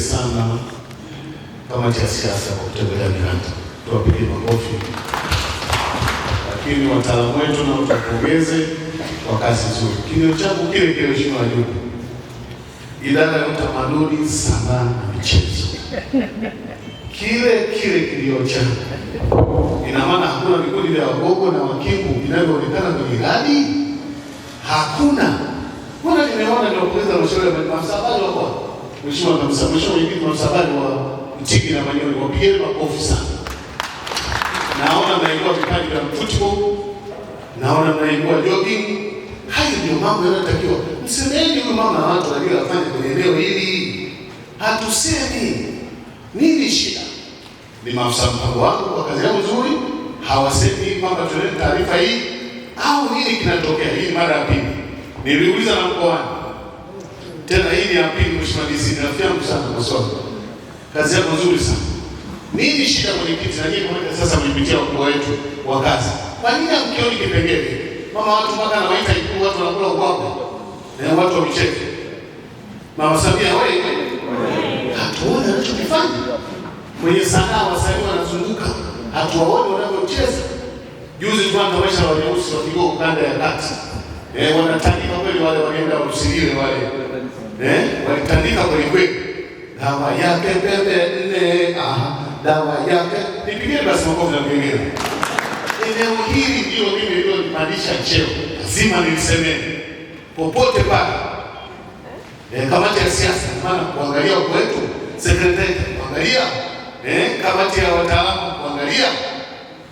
sana kama cha siasa kwa kutembelea Miranda, tuwapige makofi. Lakini wataalamu wetu na tuwapongeze kwa kazi nzuri. Kilio changu kile kile, mheshimiwa wajumbe, idara ya utamaduni, sanaa na michezo, kile kile kilio changu. Ina maana hakuna vikundi vya wagogo na wakiku vinavyoonekana kwenye ilani, hakuna. Mbona nimeona niwapongeza halmashauri ya manispaa, wako Mheshimiwa kabisa, Mheshimiwa mwenyekiti wa msafari wa Mtiki na Manyoni, wapigeni makofi sana. Naona mnaingia vipaji vya football, naona mnaingia jogging. Hayo ndio mambo yanayotakiwa. Msemeni huyu mama na watu walio afanya kwenye eneo hili, hatusemi nini shida. Ni maafisa mpango wangu kwa kazi yao nzuri, hawasemi kwamba tunaeni taarifa hii au nini kinatokea. Hii mara ya pili niliuliza na mkoani tena hili ya pili, mheshimiwa DC, rafiki yangu sana Musonga, kazi yako nzuri sana. Nini shida kiti na nini mmoja sasa mlipitia wakubwa wetu wa kazi? Kwa nini hamkioni kipengele? Mama watu mpaka waita Ikulu watu wanakula ubwabwa. Na watu wamecheke. Mama Samia wewe hatuoni anachokifanya. Mwenye sanaa wasanii wanazunguka, hatuwaoni wanavyocheza. Juzi tu anaonyesha wale weusi wa Kigogo ya kati. Eh, kwa kweli wale wanaenda warusilile wale eh, walitandika kwelikweli, dawa yake pembe nne. dawa yake nipigie basi makofi na kuingia. Eneo hili ndio mimi nililopandisha cheo, lazima nilisemeni popote pale. Eh? eh, kamati ya siasa, maana kuangalia kwetu, sekretari kuangalia, eh, kamati ya wataalamu kuangalia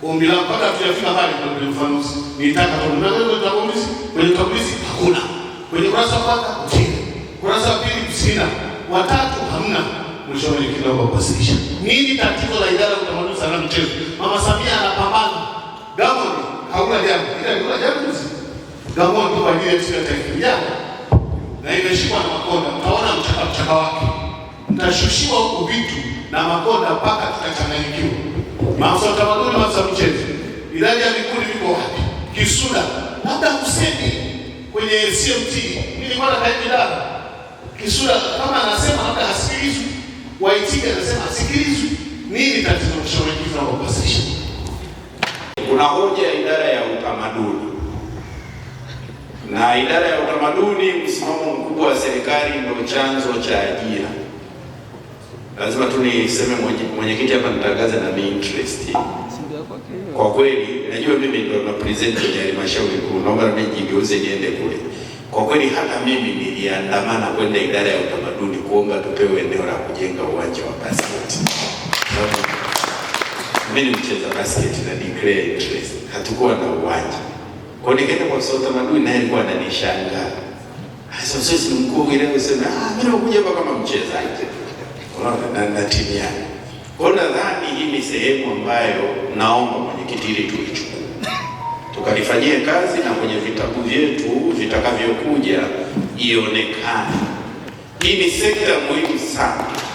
ombi la mpaka hatujafika mbali kwenye ufafanuzi. Nitaka tunaenda kwenye utangulizi, kwenye utangulizi hakuna. Kwenye kurasa mpaka Ukurasa wa pili sina, watatu hamna, mwishowe kidogo kuwasilisha. Nini tatizo la idara ya utamaduni, sanaa na michezo? Mama Samia anapambana, Gamoni hakuna jambo, ila kuna jambo juzi Gamoni kwa ajili ya taifa lijao, na imeshikwa na Makonda. Mtaona mchaka mchaka wake, mtashushiwa huko vitu na Makonda mpaka tutachanganyikiwa. Maafisa wa utamaduni, maafisa michezo, idadi ya vikundi viko wapi? Kisuda hata usemi kwenye CMT nilikuwa na kaidi dada kisura, kama anasema hata asikilizwi, waitike anasema asikilizwi, Nini tatizo? Mshauri na wapasisha. Kuna hoja ya idara ya utamaduni na idara ya utamaduni, msimamo mkubwa wa serikali ndio chanzo cha ajira. Lazima tu niseme mwenyekiti hapa, nitangaze na mi interest kwa kweli, najua mimi ndio na present ya halmashauri kuu, naomba nijigeuze niende kule. Kwa kweli hata mimi niliandamana kwenda idara ya utamaduni kuomba tupewe eneo la kujenga uwanja wa basket. Mimi nimecheza basket na declare interest, hatukuwa na uwanja. Kwa nikaenda kwa afisa utamaduni naye alikuwa ananishangaa. Sasa sisi ni mkuu ile usema ah, mimi nakuja hapa kama mchezaji. Unaona na, na timu yangu. Kwa nadhani hii ni sehemu ambayo naomba mwenyekiti ili tuichukue tukalifanyie kazi na kwenye vitabu vyetu vitakavyokuja ionekane. Hii ni sekta muhimu sana.